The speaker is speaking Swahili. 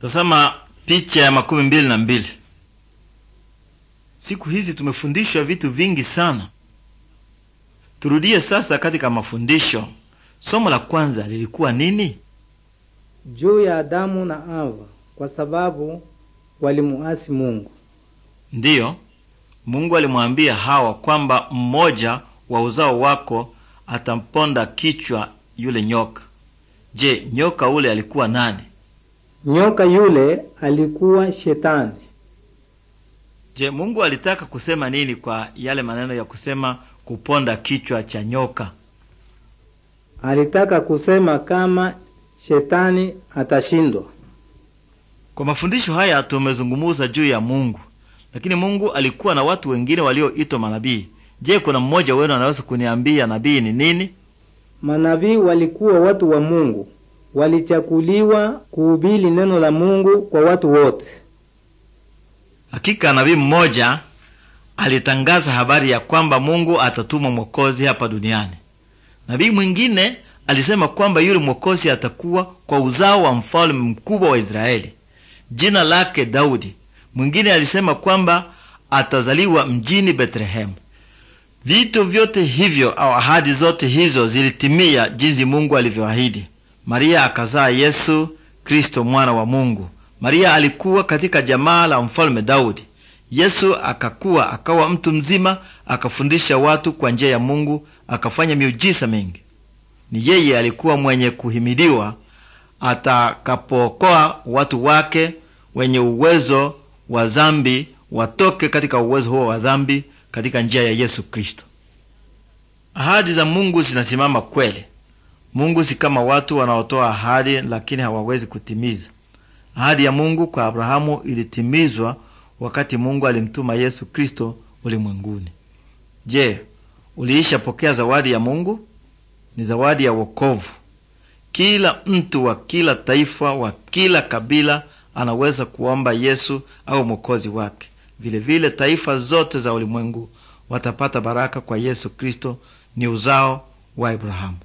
Tazama picha ya makumi mbili na mbili. Siku hizi tumefundishwa vitu vingi sana. Turudie sasa katika mafundisho. Somo la kwanza lilikuwa nini? Juu ya Adamu na Ava, kwa sababu walimuasi Mungu. Ndiyo, Mungu alimwambia Hawa kwamba mmoja wa uzao wako atamponda kichwa yule nyoka. Je, nyoka ule alikuwa nani? Nyoka yule alikuwa Shetani. Je, Mungu alitaka kusema nini kwa yale maneno ya kusema kuponda kichwa cha nyoka? Alitaka kusema kama Shetani atashindwa. Kwa mafundisho haya tumezungumuza juu ya Mungu, lakini Mungu alikuwa na watu wengine walioitwa manabii. Je, kuna mmoja wenu anaweza kuniambia nabii ni nini? Manabii walikuwa watu wa Mungu walichakuliwa kuhubiri neno la Mungu kwa watu wote. Hakika nabii mmoja alitangaza habari ya kwamba Mungu atatuma mwokozi hapa duniani. Nabii mwingine alisema kwamba yule mwokozi atakuwa kwa uzao wa mfalme mkubwa wa Israeli, jina lake Daudi. Mwingine alisema kwamba atazaliwa mjini Betlehemu. Vitu vyote hivyo au ahadi zote hizo zilitimia jinsi Mungu alivyoahidi. Maria akazaa Yesu Kristo, mwana wa Mungu. Maria alikuwa katika jamaa la mfalme Daudi. Yesu akakuwa akawa mtu mzima, akafundisha watu kwa njia ya Mungu, akafanya miujiza mingi. Ni yeye alikuwa mwenye kuhimidiwa atakapookoa watu wake wenye uwezo wa dhambi watoke katika uwezo huo wa dhambi katika njia ya Yesu Kristo. Ahadi za Mungu zinasimama kweli. Mungu si kama watu wanaotoa ahadi lakini hawawezi kutimiza. Ahadi ya Mungu kwa Abrahamu ilitimizwa wakati Mungu alimtuma Yesu Kristo ulimwenguni. Je, uliisha pokea zawadi ya Mungu? Ni zawadi ya wokovu. Kila mtu wa kila taifa, wa kila kabila anaweza kuomba Yesu au mwokozi wake. Vilevile vile taifa zote za ulimwengu watapata baraka kwa Yesu Kristo, ni uzao wa Abrahamu.